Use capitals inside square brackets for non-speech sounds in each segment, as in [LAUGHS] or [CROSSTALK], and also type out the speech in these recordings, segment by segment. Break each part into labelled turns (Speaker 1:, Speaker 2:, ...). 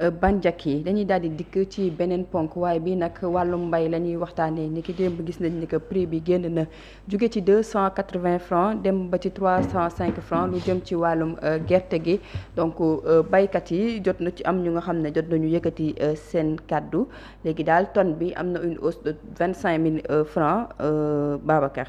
Speaker 1: Euh, banjak yi dañuy daal di dikk ci beneen ponk waaye bi nag wàllum mbay la ñuy waxtaanee ni ki démb gis nañ ni que prix bi génn na jóge ci deux cent quatre vingt dem ba ci trois cent cinq francs lu jëm ci wàllum euh, gerte gi donc euh, baykat yi jot na ci am ñu nga xam ne jot nañu yëkkati seen kàddu léegi daal tonne bi am na une hausse vingt cinq mille francs Babacar.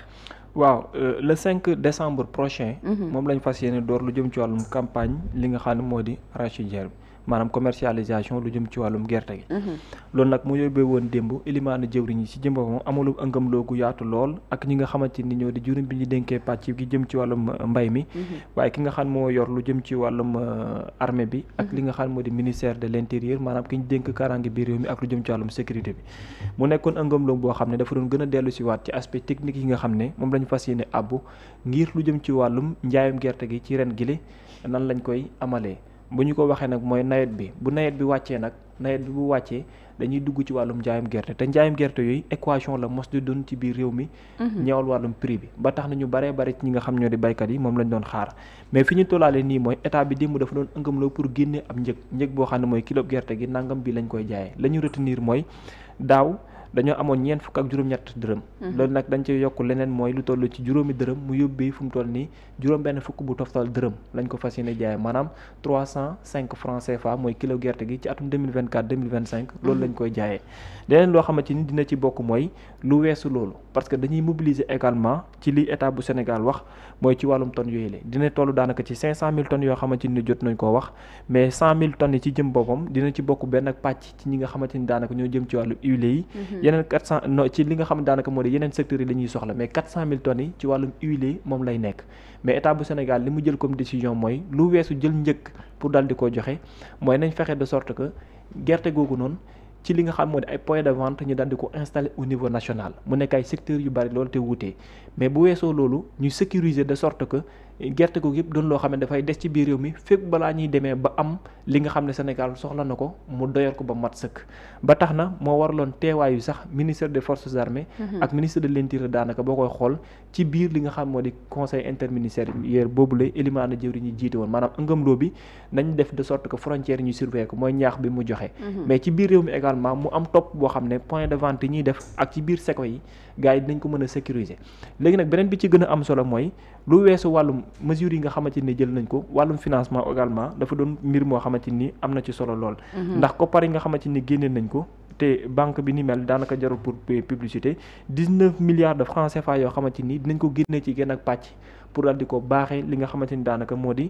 Speaker 2: waaw le 5 décembre prochain. Mhm. moom lañ fas yéene door lu jëm ci wàllum campagne li nga xam ne moo di arachidière bi. maanaam commercialisation lu jëm ci wàllum gerte gi mhm. loolu nag mu yóbbee woon démb ilimaanu jëwriñ yi ci jëm boppam amulu ëngam loogu yaatu lool ak ñi nga xamante ni ñoo di juróom bi ñu dénkee pàcc gi jëm ci wàllum euh, mbay mi mhm. waaye ki nga xam moo yor lu jëm ci wàllum euh, armée bi ak mhm. li nga xam moo di ministère de l'intérieur maanaam ki ñu dénk kaaraange biir réew lu jëm ci wàllum sécurité bi mu nekkoon ëngam loogu boo xam ne dafa doon gën a dellu si waat ci aspect technique yi nga xam ne moom lañu fas yéene àbbu ngir lu jëm ci wàllum njaayum gerte gi ci ren gile nan lañ koy amalee bu ñu ko waxee nag mooy nawet bi bu nawet bi wàccee nag nawet bi bu wàccee dañuy dugg ci wàllum njaayum gerte te njaayum gerte yooyu équation la mos di doon ci biir réew mi. Mhm. ñeewal wàllum prix bi ba tax na ñu baree bari ci ñi nga xam ñoo di baykat yi moom lañ doon xaar mais fi ñu tollaale nii mooy état bi démb dafa doon ëngamloo pour génne ab njëg njëg boo xam ne mooy kilo gerte gi nangam bi lañ koy jaayee la ñu retenir mooy daaw. dañoo amoon ñeent fukk ak juróom-ñett dërëm mhm. loolu nag dañ ci yokk leneen mooy lu toll ci juróomi dërëm mu yóbbee fu mu toll ni juróom benn fukk bu toftal dërëm lañ ko fas yéene jaay maanaam trois cent cinq francs CFA mooy kilo gerte gi ci atum 2024 2025 loolu mhm. lañ koy jaaye leneen loo xamante ni dina ci bokk mooy lu weesu loolu parce que dañuy mobiliser également ci li état bu Sénégal wax mooy ci wàllum ton yooyu la dina toll daanaka ci 500000 tonnes yoo xamante ni jot nañ koo wax mais 100000 tonnes yi ci jëm boppam dina ci bokk benn ak pàcc ci ñi nga xamante ni daanaka ñoo jëm ci wàllu huile yi. Mhm. yeneen 400 no ci li nga xam daanaka moo di yeneen secteurs yi la ñuy soxla mais 400000 tonnes yi ci wàllum huile moom lay nekk mais état bu Sénégal li mu jël comme décision mooy lu weesu jël njëkk pour daal di ko joxe mooy nañ fexe de sorte que gerte googu noonu. ci li nga xam moo di ay point de vente ñu daal di ko installer au niveau national mu nekk ay secteurs yu bari loolu te wuute mais bu weesoo loolu ñu sécuriser de sorte que gerte googu yëpp doon loo xam ne dafay des ci biir réew mi fépp balaa ñuy demee ba am li nga xam ne Sénégal soxla na ko mu doyal ko ba mat sëkk ba tax na moo waraloon teewaayu sax ministère des forces armées mhm. ak ministre de l'intérieur daanaka boo koy xool ci biir li nga xam moo di conseil interministériel boobu lay élimaana jëwriñ ñi jiite woon maanaam ëngëmloo bi nañ def de sorte que frontière ñu surveiller ko mooy ñaax bi mu joxe mhm. mais ci biir réew mi de vente yi ñuy def ak ci biir seko yi gars yi a sécuriser léegi nag beneen bi ci gën a am solo mooy mesures yi nga xamante ne jël nañ ko wàllum financement également dafa doon mbir moo xamante ni am na ci solo lool. Mhm. ndax koppar yi nga xamante ni génne nañ ko. te banque bi ni mel daanaka jarul pour publicité dix-neuf milliards de francs CFA yoo xamante ni dinañ ko génne ci genn ak pàcc pour daal ko baaxee li nga xamante ni daanaka moo di.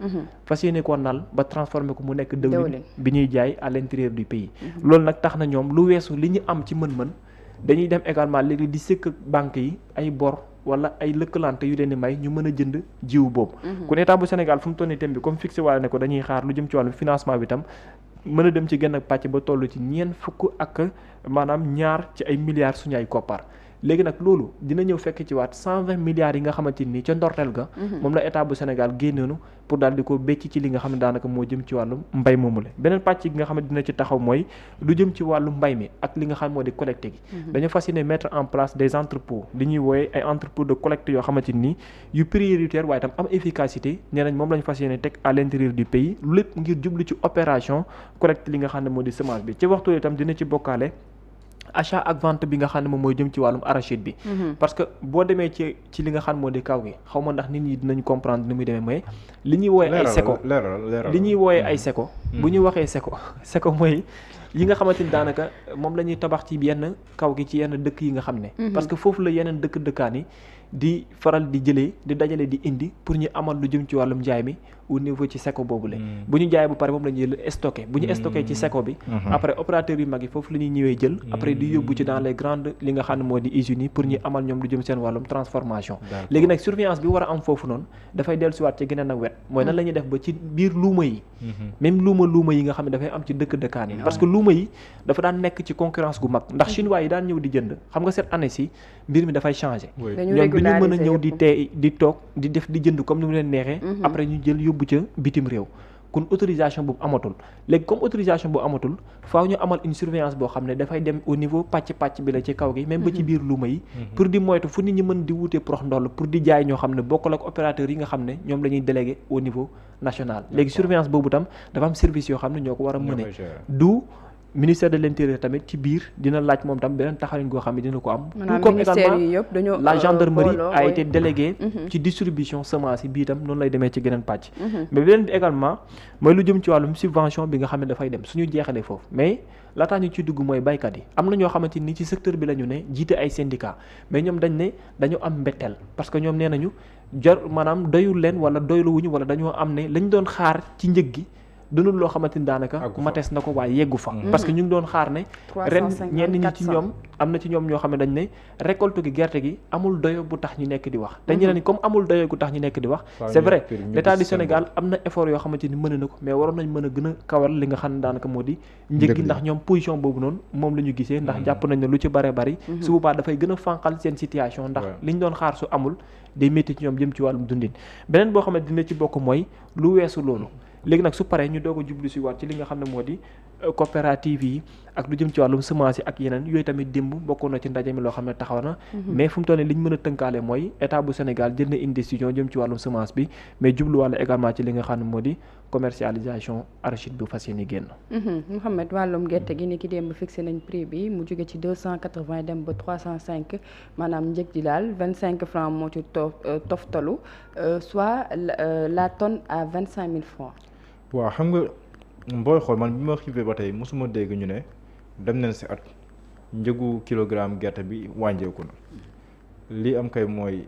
Speaker 2: Mhm. fas yéene ko nal ba transformé ko mu nekk dëwlin bi ñuy jaay à l'intérieur du pays mhm. loolu nag tax na ñoom lu weesu li ñu am ci mën-mën dañuy dem également léegi di sëkk banque yi ay bor wala ay lëkkalante yu leen di may ñu mën a jënd jiw boobu mhm. ku état bu Sénégal fu mu toll nii thème bi comme fixé waale ne ko dañuy xaar lu jëm ci wàllu financement bi tam mën a dem ci gën a pàcc ba toll ci ñeent fukk ak maanaam ñaar ci ay milliards suñu ay koppar léegi nag loolu dina ñëw fekk ci waat cent milliards yi nga xamante nii ca ndorteel ga mhm. moom la état bu Sénégal génnoonu pour daal ko bécc ci li nga xam ne daanaka moo jëm ci wàllu mbay moomu la beneen pàcc nga xam ne dina taxaw mooy lu jëm ci wàllu mbay mi ak li nga xam moo di collecte gi mhm. dañoo fas yéene mettre en place des entrepôts li ñuy wooye ay entrepôts de collecte yoo xamante ni yu prioritaire waaye tam am efficacité nee nañ moom la ñu fas yéene teg à l'intérieur du pays lépp ngir jublu ci opération collecte li nga xam ne moo di semence bi ci waxtu itam dina ci bokkaale achat ak vant bi nga xam ne moom mooy jëm ci wàllum arachide bi mm-hmm. parce que boo demee ci ci li nga xam moo di kaw gi xaw ma ndax nit ñi dinañ comprendre ni muy demee mais li ñuy wooye ay seko li ñuy wooye ay mm-hmm. seko bu ñu waxee seko seko mooy yi nga xamante daanaka moom la ñuy tabax ci yenn kaw gi ci yenn dëkk yi nga xam ne. Mhm. parce que foofu la yeneen dëkk dëkkaan yi di faral di jëlee di dajale di indi pour ñu amal lu jëm ci wàllum njaay mi au niveau ci seko boobule. Mhm. bu ñu jaayee bu pare moom la ñuy stocké bu ñu stocké ci mhm. seko bi. après opérateur yu mag yi foofu la ñuy ñëwee jël. après di yóbbu ci dans les grandes li nga xam ne moo di usines yi pour ñu amal ñoom lu jëm seen wàllum transformation. léegi nag surveillance bi war a am foofu noonu dafay dellusiwaat ci geneen mooy nan la ñuy def ba ci biir luuma yi. luuma yi nga xam ne dafay am ci dëkk dëkkaani parce que luuma yi dafa daan nekk ci concurrence gu mag ndax chinois yi daan ñëw di jënd xam nga cette année si mbir mi dafay changé ñoom bi ñu mën a ñëw di tee di toog di def di jënd comme ni mu leen neexee mhm. après ñu jël yóbbu ca bitim réew kon autorisation boobu amatul léegi comme autorisation boobu amatul faaw ñu amal une boo xam ne dafay dem au niveau pàcc pàcc bi la ci kaw gi même ba ci mhm. biir luuma yi mhm. pour di moytu fu nit ñi mën di wutee prox ndoll pour di jaay ñoo xam ne bokkul ak opérateurs yi nga xam ne ñoom la ñuy délégué niveau national léegi surveillance boobu tam dafa am service yoo xam ne ñoo ko war a mëne du ministère de l' intérieur tamit ci biir dina laaj moom tam beneen taxawin koo xam ne dina ko am.
Speaker 1: tout comme également la euh, gendarmerie a été déléguée. Mhm. Mhm. ci
Speaker 2: distribution semence yi bii noonu lay demee ci geneen pàcc. Mhm. mais beneen bi également mooy lu jëm ci wàllum subvention bi nga xam ne dafay dem suñu jeexalee foofu mais laataa ñu ci dugg mooy baykat yi am na ñoo xamante ni ci secteur bi la ñu ne jiite ay syndicat mais ñoom dañ ne dañu am mbetteel parce que ñoom nee nañu jor maanaam doyul leen wala doylu wala dañoo am ne lañ doon xaar ci njëg gi. dunul loo xamante daanaka mates na ko waaye yeggu fa mm-hmm. parce que ñu ngi doon xaar ne ren ñenn ñi ci ñoom xam ne dañ ne récolte gi gerte gi amul doyo bu tax ñu nekk di wax te ñeneen mm-hmm. comme amul tax ñu nekk di wax c'est vrai l'état du Sénégal am na effort yoo xamante na ko mais waroon a gën a kawal li nga moom la ñu gisee ndax mm-hmm. jàpp nañ ne lu ci bare doon xaar su amul day métti ci ñoom jëm ci wàllum dundin beneen boo xam ne dina ci bokk mooy lu weesu loolu léegi nag su paree ñu doog jublu si waat ci li nga xam ne moo di euh, coopérative yi ak lu jëm ci wàllum semence yi ak yeneen yooyu tamit démb bokkoon na ci ndaje mi loo xam ne taxaw na mhm. mais fu mu toll nii li ñu mën a tënkaale mooy état bu Sénégal jël na une décision jëm ci wàllum semence bi mais jubluwaale également ci li nga xam ne moo di commercialisation arachide bu fas yéene génn
Speaker 1: mhm. Mouhamed wàllum gerte gi ni ki démb fixé nañ prix bi mu jóge ci deux cent quatre-vingt dem ba trois cent cinq maanaam njëg daal vingt cinq francs moo ci euh, toftalu euh, soit la tonne à vingt cinq mille francs
Speaker 3: waaw xam nga booy xool man bi ma xiifee ba tey masuma dégg ñu ne dem nañ si at njëgu kilogramme gerte bi wàññeeku na li am kay mooy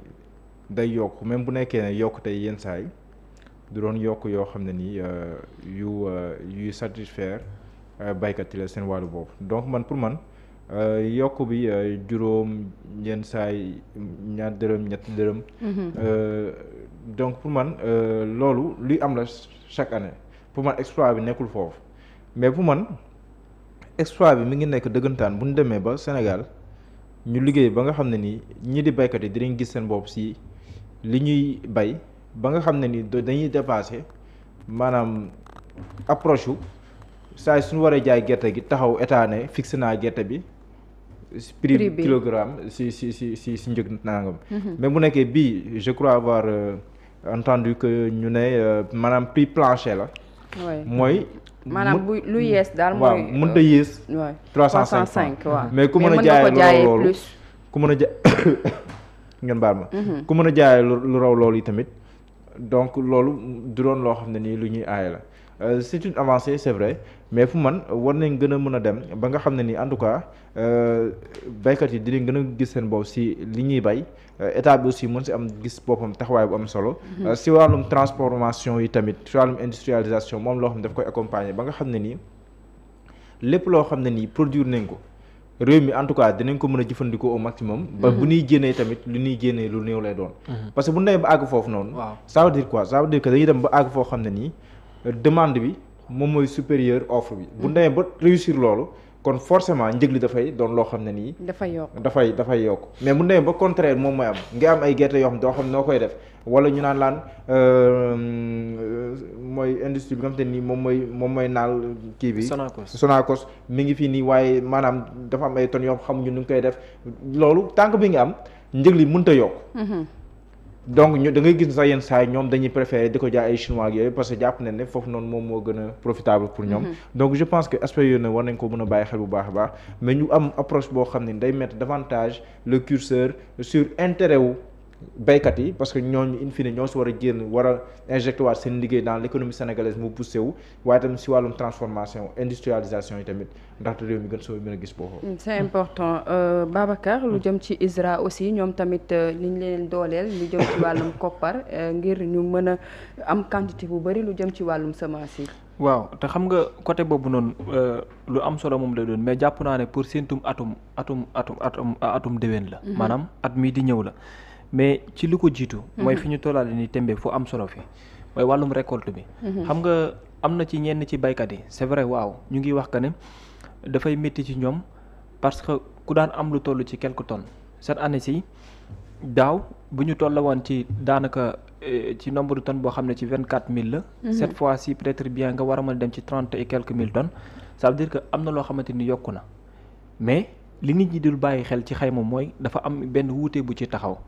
Speaker 3: day yokk même bu nekkee ne yokk tey yenn saa yi du doon yokk yoo xam ne nii euh, yu euh, yuy satisfaire euh, baykat yi la seen wàllu boobu donc man pour man yokk bi juróom yenn saay ñaar dërëm ñetti dërëm mhm. donc pour man loolu luy am la chaque année pour man exploit bi nekkul foofu mais pour man exploit bi mi ngi nekk dëggantaan bu ñu demee ba Sénégal ñu liggéey ba nga xam ne nii ñii di baykat yi dinañ gis seen bopp si li ñuy bay ba nga xam ne ni dañuy dépassé maanaam approche wu saa suñu waree jaay gerte gi taxaw état ne fixé naa gerte bi prix kilogramme si si si si si njëg nangam mhm. mais bu nekkee bii je crois avoir euh, entendu que ñu ne euh, maanaam prix plancher la
Speaker 1: mooy. maanaam bu lu yees daal mooy. Euh, waaw mënut a yees. waay 305 waaw mais ku mën a jaayee loolu
Speaker 3: ku mën a ja ngeen mën a jaayee lu raw loolu yi tamit donc loolu du doon loo xam ne nii lu ñuy aaye la. Euh, c'est une avancée c'est vrai mais fu man war nañ gën a mën a dem ba nga xam ne nii en tout cas euh, baykat yi dinañ gën a gis seen bopp si li ñuy bay euh, état bi aussi mën si am gis boppam taxawaay bu am solo. Mhm. si wàllum transformation yi tamit si wàllum industrialisation moom loo xam ne daf koy accompagner ba nga xam ne nii lépp loo xam ne nii produire nañ ko. réew mi en tout cas dinañ ko mën a jëfandikoo au maximum. Mhm. ba bu ñuy génnee tamit lu ñuy génnee lu néew lay doon. Mhm. parce bu foo xam ne nii. demande bi moom mooy supérieur offre bi bu demee ba réussir loolu kon forcement njëg li dafay doon loo xam ne nii.
Speaker 1: dafay yokk
Speaker 3: dafay dafay yokk mais bu demee ba contraire moom mooy am nga am ay gerte yoo xam doo noo koy def wala ñu naan laan euh, mooy industrie bi nga xam te nii moom mooy moom mooy naal kii bi. Sonacos Sonacos mi ngi fii nii waaye maanaam dafa am ay tonnes yoo xamuñu nu ñu koy def loolu tànk bi nga am njëg li mënut a yokk. Mhm. donc ñu da ngay gis sax yenn saa ñoom dañuy préférer di ko jaay ay chinois ak yooyu parce que jàpp nañ ne foofu noonu moom moo gën a profitable pour ñoom. Mm-hmm. donc je pense que aspect yooyu nag war nañ ko mën a bàyyi xel bu baax a baax mais ñu am approche boo xam ne day mettre davantage le curseur sur intérêt wu. baykat yi parce que ñooñu in fine ñoo si war a génn war a injecté waat seen liggéey dans l' économie sénégalaise mu poussé wu waaye tamit si wàllum transformation industrialisation yi tamit ndaxte réew mu gën soo mën a gis boo
Speaker 1: mm, c' est important euh, Babacar lu jëm ci ISRA aussi ñoom tamit euh, li ñu leen dooleel lu jëm ci wàllum [COUGHS] koppar euh, ngir ñu mën a am quantité bu bëri lu jëm ci wàllum semence yi.
Speaker 2: waaw te xam nga côté boobu noonu euh, lu am solo moom la doon mais jàpp naa ne pour séentum atum atum atum atum atum déwén la. Mhm. maanaam at mii di ñëw la. mais ci lu ko jiitu. mooy mhm. fi ñu tollaale ni tembe fu am solo fi mooy wàllum récolte bi. Mhm. xam nga am na ci ñenn ci baykat yi c'est vrai waaw ñu ngi wax que ne dafay métti ci ñoom parce que ku daan am lu toll ci quelques tonnes set année si daaw bu ñu toll woon ci daanaka euh, ci nombre de tonnes boo xam ne ci vingt quatre mille la. Mhm. cette fois ci peut-être bien nga war a mën dem ci trente et quelques mille tonnes ça veut dire que am na loo xamante ni yokku na mais li nit ñi dul bàyyi xel ci xayma mooy dafa am benn wuute bu ci taxaw.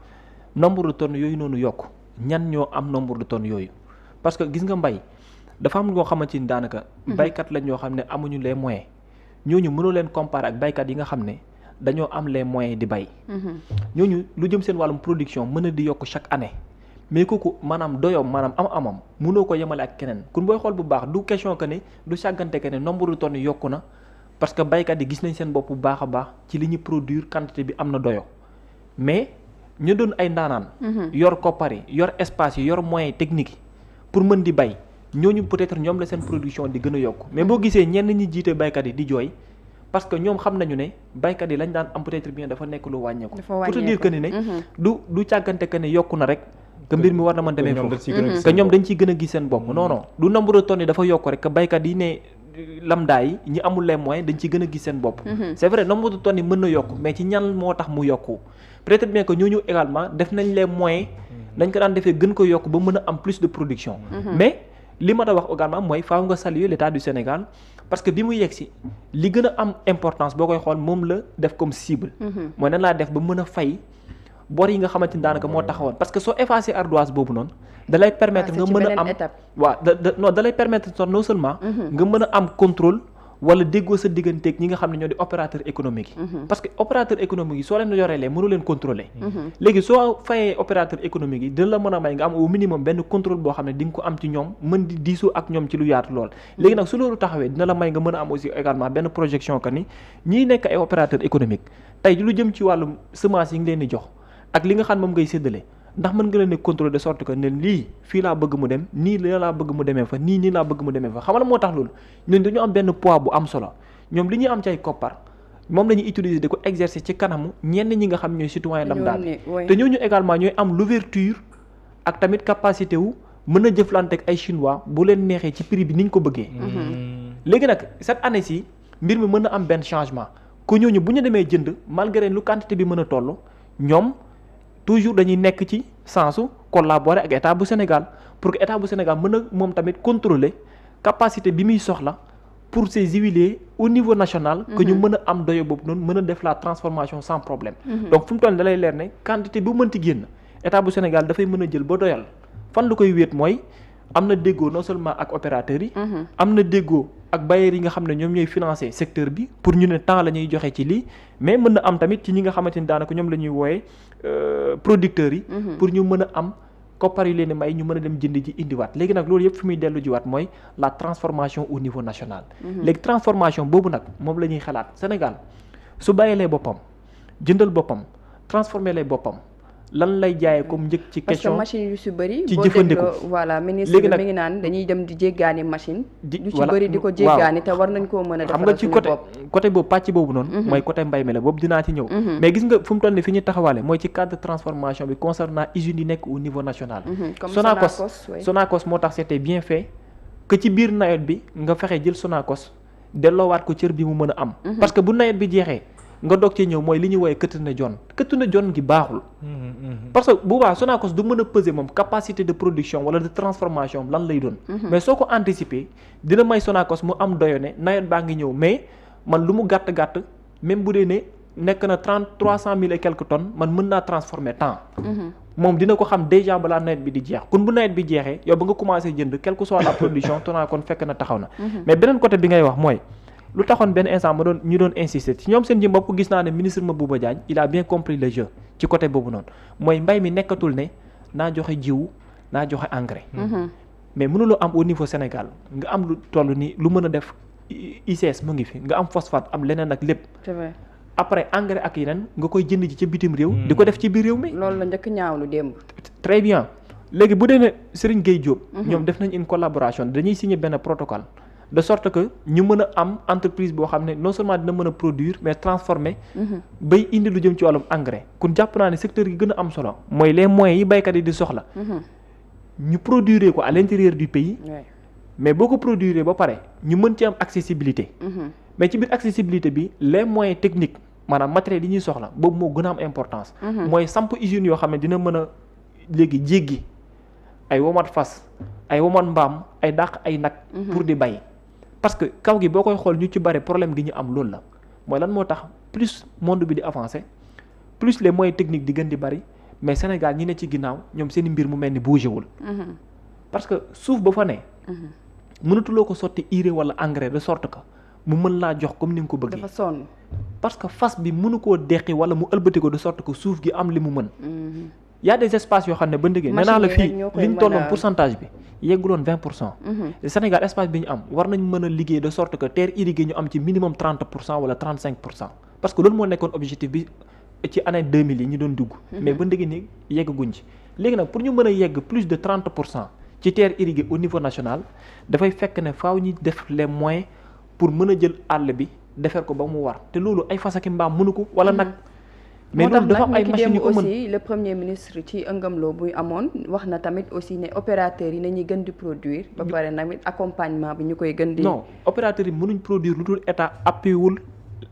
Speaker 2: nombre de tonnes yooyu noonu yokk ñan ñoo am nombre de tonnes yooyu parce que gis nga mbay dafa am ñoo xamante ni daanaka. Mhm. baykat lañ ñoo xam ne amuñu les moyens ñooñu mënoo leen comparer ak baykat yi nga xam ne dañoo am les moyens di bay. Mhm. ñooñu lu jëm seen wàllum production mën a di yokk chaque année. mais kooku maanaam doyoom maanaam am amam munoo ko yemale ak keneen kun booy xool bu baax du question que ne du sàggante que ne nombre de tonnes yokku na parce que baykat yi gis nañ seen bopp bu baax a baax li ñu produire quantité bi am na doyo mais ñu doon ay ndaanaan. Mhm. yor koppar yi yor espace yi yor moyens techniques yi pour mën di bay ñooñu peut-être ñoom la seen production di gën a yokk mais boo gisee ñenn ñi jiite baykat yi di jooy parce que ñoom xam nañu ne baykat yi lañ daan am peut-être bien dafa nekk lu wàññeeku.
Speaker 1: pour te dire que ni ne. Mhm.
Speaker 2: du du càggante que ne yokku na rek. que mbir mi war na mën demee foofu que ñoom dañ ciy gën a gis seen bopp non non du nombre de dafa yokk rek que baykat yi ne lamda yi ñi amul les moyens dañ ciy gën a seen bopp. Mhm. c'est vrai nombre de yokk mais ci moo tax mu yokku peut-être bien que ñooñu également def nañ les moyens mhm. dañ ko daan defee gën ko yokk ba mën a am plus de production mhm. Mhm. mais li ma a wax également mooy faaw nga saluer l'état du Sénégal parce que bi mu yegg si li gën a am importance boo koy xool moom la def comme cible mooy nan laa def ba mën a fay bor yi nga xamante ni daanaka moo taxawoon parce que soo effacé ardoise boobu noonu da lay nga mën a am waaw non da lay permettre non seulement nga mën am contrôle wala déggoo sa digganteeg ñi nga xam ne ñoo di opérateur économique yi mhm. parce que opérateur économique yi soo leen yoreelee mënu leen contrôler mhm. léegi soo fayee opérateur économique yi dina la mën a may nga am au minimum benn contrôle boo xam ne di nga ko am ci ñoom mën di diisoo ak ñoom ci lu yaatu lool mhm. léegi nag su loolu taxawee dina la may nga mën a am aussi également benn projection que ni ñiy nekk ay opérateur économique tey lu jëm ci wàllum semence yi ngi leen di jox ak li nga xam moom ngay séddale ndax mën nga leen ne contrôler de sorte que ne lii fii laa bëgg mu dem nii laa bëgg mu demee fa nii nii laa bëgg mu demee fa xamal moo tax loolu ñun dañu am benn poids bu am solo ñoom li ñuy am ci ay koppar moom la ñuy utiliser di ko exercer ci kanamu ñenn ñi nga xam ñooy citoyen lambda bi te ñu également ñooy am l'ouverture ak tamit capacité wu mën a jëflanteek ay chinois bu leen neexee ci prix bi ni ko bëggee mm-hmm. Mm-hmm. léegi nag cette année ci mbir mi mën a am benn changement ku ñooñu bu ñu demee jënd malgré lu quantité bi mën a toll ñoom toujours dañuy nekk ci sensu collaborer ak état bu Sénégal pour que état bu Sénégal mën a moom tamit contrôler capacité bi muy soxla pour ces huiliers au niveau national. que ñu mhm. mën a am doyo boobu noonu mën a def la transformation sans problème. Mhm. donc fu mu toll nii da lay leer ne quantité bu mënti génn état bu Sénégal dafay mën a jël ba doyal fan lu koy wéet mooy am na déggoo non seulement ak opérateurs yi. Mhm. am na déggoo ak bailleurs yi nga xam ne ñoom ñooy financer secteur bi pour ñu ne la ñuy joxe ci lii mais mën na am tamit ci ñi nga xamante ni daanaka ñoom la ñuy wooyee. Euh, producteurs yi. Mhm. pour ñu mën a am coppar yu leen may ñu mën a dem jënd ji indiwaat léegi nag loolu yëpp fi muy dellu waat mooy la transformation au niveau national. Mhm. léegi transformation boobu nag moom la ñuy xalaat Sénégal su lay boppam jëndal boppam transformer lay boppam. lan lay jaayee comme njëg ci question parce
Speaker 1: que machine yu si bëri. ci jëfandiku voilà ministre bi mi ngi naan dañuy dem di jéggaani machine. di yu si bëri di ko jéggaani te war nañ koo mën a. xam nga ci côté
Speaker 2: côté boobu pàcc boobu noonu. Mhm. mooy côté mbay mi la boobu dinaa ci ñëw. Mhm. mais gis nga fu mu toll nii fi ñu taxawaale mooy ci cadre de transformation bi concernant usines yi nekk au niveau national. Mhm, comme Sonacos Sonacos moo tax c'était bien fait que ci biir nawet bi nga fexe jël Sonacos delloowaat ko cër bi mu mën a am. parce que bu nawet bi jeexee. nga doog cee ñëw mooy li ñuy woowee këtt na jon këtt na jon gi baaxul.
Speaker 4: Mm-hmm.
Speaker 2: parce que bu baax Sonacos du mën a peser moom capacité de production wala de transformation lan lay doon. Mm-hmm. mais soo ko anticiper dina may Sonacos mu am doyo ne nawet baa ngi ñëw mais man lu mu gàtt gàtt même bu dee ne nekk na trente trois cent mille et quelques tonnes man mën naa transformer temps. Mm-hmm. moom dina ko xam déjà balaa nawet bi di jeex kon bu nawet bi jeexee yow ba nga commencé jënd quelle que [COUGHS] na taxaw na. mais beneen bi ngay wax mooy. lu taxoon benn instant ma doon ñu doon insister ci ñoom seen jëm bopp gis naa ne ministre Mabouba Diagne il a bien compris le jeu ci côté boobu noonu mooy mbay mi nekkatul ne naa joxe jiwu naa joxe engrais. Mm-hmm. Mm-hmm. mais loo am au niveau Sénégal nga am lu toll ni lu mën a def ICS mu ngi fi nga am phosphate am leneen ak lépp. après engrais ak yeneen nga koy jënd ji ci bitim réew. di ko mm. def ci biir réew mi.
Speaker 1: loolu la njëkk ñaawlu démb.
Speaker 2: très bien léegi bu dee ne Serigne Gueye Diop. Mm-hmm. ñoom def nañ une collaboration dañuy signé benn protocole de sorte que ñu mën a am entreprise boo xam ne non seulement dina mën a produire mais transformer. Mhm. bay indi lu jëm ci wàllum engrais. kon jàpp naa ne secteur gi gën a am solo mooy les moyens yi baykat yi di soxla. Mhm. ñu produire ko à l'intérieur du pays. mais boo ko produire ba pare ñu mën ci am accessibilité. Mhm. mais ci biir accessibilité bi les moyens technique maanaam matériel yi ñuy soxla boobu moo gën a am importance. mooy samp usines yoo xam ne dina mën a léegi jéggi ay womat fas ay womat mbaam ay dàq ay nag. pour di bay. parce que kaw gi boo koy xool ñu ci bari problème gi ñu am loolu la mooy lan moo tax plus monde bi di avancé plus les moyens techniques di gën di bari mais Sénégal ñi ne ci ginnaaw ñoom seen mbir mu mel ni bougé wul. Mhm. parce que suuf ba fa ne. Mhm. mënatuloo ko sotti urée wala engrais de sorte que mu mën laa jox comme ni nga ko bëggee. dafa sonn parce que fas bi mënu koo deqi wala mu ëlbati ko de sorte que suuf gi am li mu mën. Mhm. yaa a des yoo xam ne ba ndëgee nee naa la fii li tolloon pourcentage bi yegguloon vingt pour cent mhm. espace bi ñu am war nañ mën a liggéey de sorte que terre irriguée ñu am ci minimum trente pour cent wala trente cinq pour cent parce que loolu moo nekkoon objectif bi ci année deux mille yi ñu doon dugg mhm. mais ba ndëgee ni yeggaguñ ci léegi nag pour ñu mën a yegg plus de trente pour ci terre irriguée au national dafay fekk ne faaw ñi def les bi defar ko ba mu war te loolu ay fas ak mbaam mënu ko wala nag mhm. mais loolu dafa am ay machines yu ko mën aussi
Speaker 1: le premier ministre ci ëngamloo buy amoon wax na tamit aussi ne opérateurs yi nañuy gën di produire. ba pare namit accompagnement bi ñu koy gën di. non
Speaker 2: opérateurs yi mënuñ produire lu dul état appui wul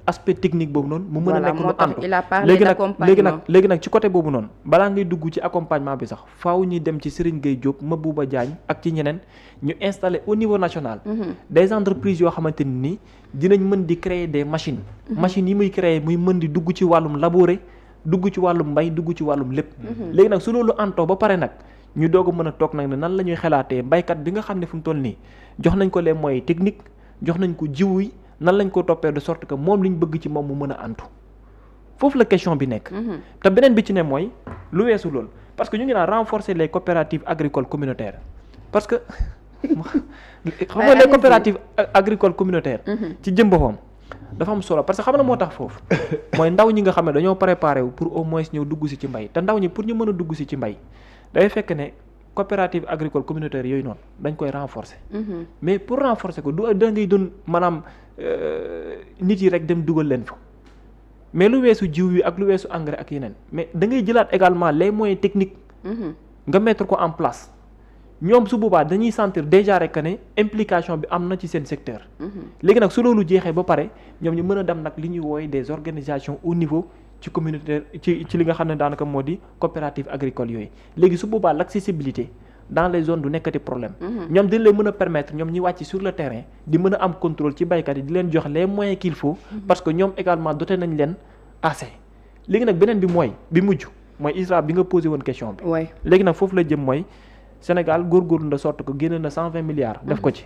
Speaker 2: aspect technique boobu noonu. mu mën a nekk lu antu léegi nag léegi nag léegi ci côté boobu noonu. balaa ngay dugg ci accompagnement bi sax faw ñuy dem ci Serigne Gueye Diop Mabouba Diagne ak ci ñeneen ñu installé au niveau national. Mhm. des entreprises yoo xamante ni dinañ mën di créer des machine mhm. machine yi muy créer muy mën di dugg ci wàllum labouré dugg ci wàllum mbay dugg ci wàllum lépp. Mhm. léegi nag su loolu antoo ba pare nag. ñu doog a mën a toog nag ne nan la ñuy xalaatee baykat bi nga xam ne fu mu toll nii jox nañ ko les moyens techniques jox nañ ko jiw yi nan lañ ko toppee de sorte que moom ñu bëgg ci moom mu mën a antu foofu la question bi nekk. Mhm. te beneen bi ci ne mooy lu weesu loolu parce que ñu ngi naan renforcer les coopératives agricoles communautaires parce que [LAUGHS] xam nga les coopératives agricoles communautaires. Mhm. ci jëm boppam dafa am solo parce que xam na moo tax foofu [LAUGHS] mooy ndaw ñi nga xam ne dañoo préparé wu pour au moins ñëw dugg si ci mbay te ndaw ñi pour ñu mën a dugg si ci mbay day fekk ne. coopérative agricole communautaire yooyu noonu dañ koy renforcer. Mhm. mais pour renforcer ko du ay ngay doon maanaam euh, nit yi rek dem dugal leen fa mais lu weesu jiw yi ak lu weesu engrais ak yeneen mais da ngay jëlaat également les moyens techniques. Mhm. nga mettre ko en place ñoom su boobaa dañuy sentir déjà rek ne implication bi am na ci seen secteur. Mhm. léegi nag su loolu jeexee ba pare ñoom ñu mën a dem nag li ñuy wooye des organisations au niveau. ci communauté ci ci li nga xam ne daanaka moo di coopérative agricole yooyu léegi su boobaa l'accessibilité dans les zones du nekkati problème. Mhm. ñoom dañ lay mën a permettre ñoom ñi wàcc sur le terrain di mën a am contrôle ci baykat yi di leen jox les moyens qu'il faut. Mhm. parce que ñoom également doté nañ leen assez. léegi nag beneen bi mooy bi mujj mooy ISRA bi nga posé woon question bi. léegi nag foofu la jëm mooy Sénégal góorgóorlu na sot que génne na cent vingt def ko ci.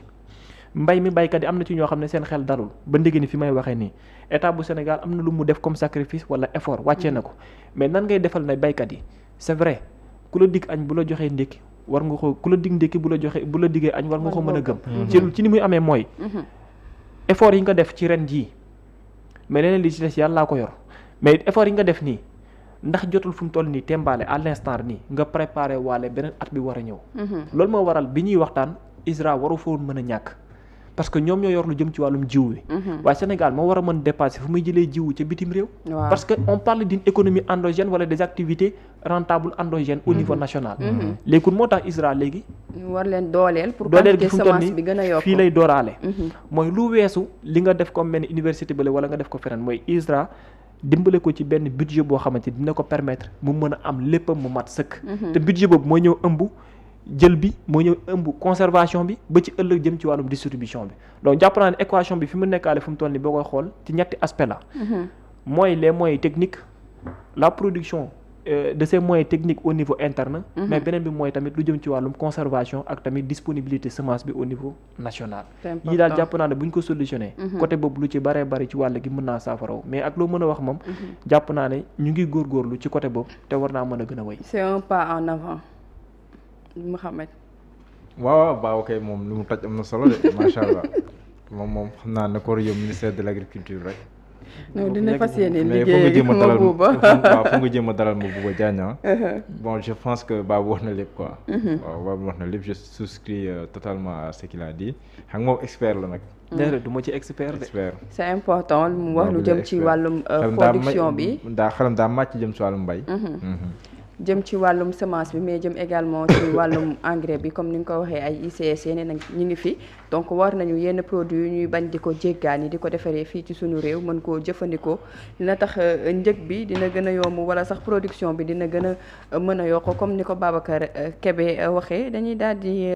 Speaker 2: mbay mi baykat yi am na ci ñoo xam ne seen xel dalul ba ndigi ni fi may waxee nii état bu Sénégal am na lu mu def comme sacrifice wala effort wàccee na ko mais nan ngay defal na baykat yi c'est vrai ku la dig añ bu la joxee ndékki war nga ko ku la dig ndékki bu la joxee bu la diggee añ war nga ko mën a gëm ci ci ni muy amee mooy mhm. effort yi nga def ci ren jii mais leneen li ci yàlla ko yor mais effort yi nga def nii ndax jotul fu mu toll nii tembaale à l'instant nii nga préparé waale beneen at bi war a ñëw mhm. loolu moo waral bi ñuy ISRA waru foon mën a ñàkk parce que ñoom ñoo yor jëm ci wàllum jiw mhm. waaye Sénégal moo war a mën dépasser fu muy jëlee jiw ca bitim réew parce que on parle d'une économie endogène wala des activités rentables endogènes mhm. national mhm. moo tax ISRA léegi
Speaker 1: war leen dooleel pour dooleel gi fu mu toll nii
Speaker 2: fii mooy lu weesu li nga def comme benn université bële wala nga def ko feneen mooy ISRA dimbale ko ci benn budget boo xamante dina ko permettre mu mën a am léppam mu mat sëkk te budget boobu mooy ñëw ëmb jël bi moo ñëw ëmb conservation bi ba ci ëllëg jëm ci wàllum distribution bi donc jàpp naa ne équation bi fi mu nekkaale fu mu toll nii boo koy xool ci ñetti aspect la. Mhm. mooy les mooy technique la production euh, de ces moyens technique au niveau interne. Mhm. mais beneen bi mooy tamit lu jëm ci wàllum conservation ak tamit disponibilité semence bi au niveau national. yii daal jàpp naa ne bu ñu ko solutionné. Mhm. côté boobu lu ci baree bari ci wàll gi mën naa saafaraw mais ak loo mën a wax moom. jàpp naa ne ñu ngi góorgóorlu ci
Speaker 3: côté boobu te war naa mën a gën a wéy. Mouhamed. waaw waaw kay moom lu mu toj am na solo de macha allah [LAUGHS] moom moom xam naa ne ko war ministère de l' agriculture rek.
Speaker 1: non dina fas yéene liggéey ak ma buuba waaw fu nga
Speaker 3: jéem a dalal ma buuba [LAUGHS] Diagne ah. uh-huh. bon je pense que Babou wax na lépp quoi. Uh-huh. waaw Babou wax na lépp je souscris euh, totalement à ce qu'il a xam moom expert la nag. Mm. déedéet du ma ci expert de. expert
Speaker 1: c'est important mu wax lu jëm ci wàllum. Euh, production bi
Speaker 3: xelam daa màcc jëm ci wàllum mbay. Uh-huh. Mm-hmm.
Speaker 1: jëm ci wàllum semence bi mais jëm également ci wàllum engrais bi comme ni nga ko waxee ay ICS yeneen ñu ngi fi donc war nañu yenn produit yu ñuy bañ di ko jéggaani di ko defaree fii ci suñu réew mën koo jëfandikoo dina tax euh, njëg bi dina gën a yomb wala sax production bi dina gën a euh, mën a yokk comme ni ko Babacar euh, Kébé waxee dañuy daal di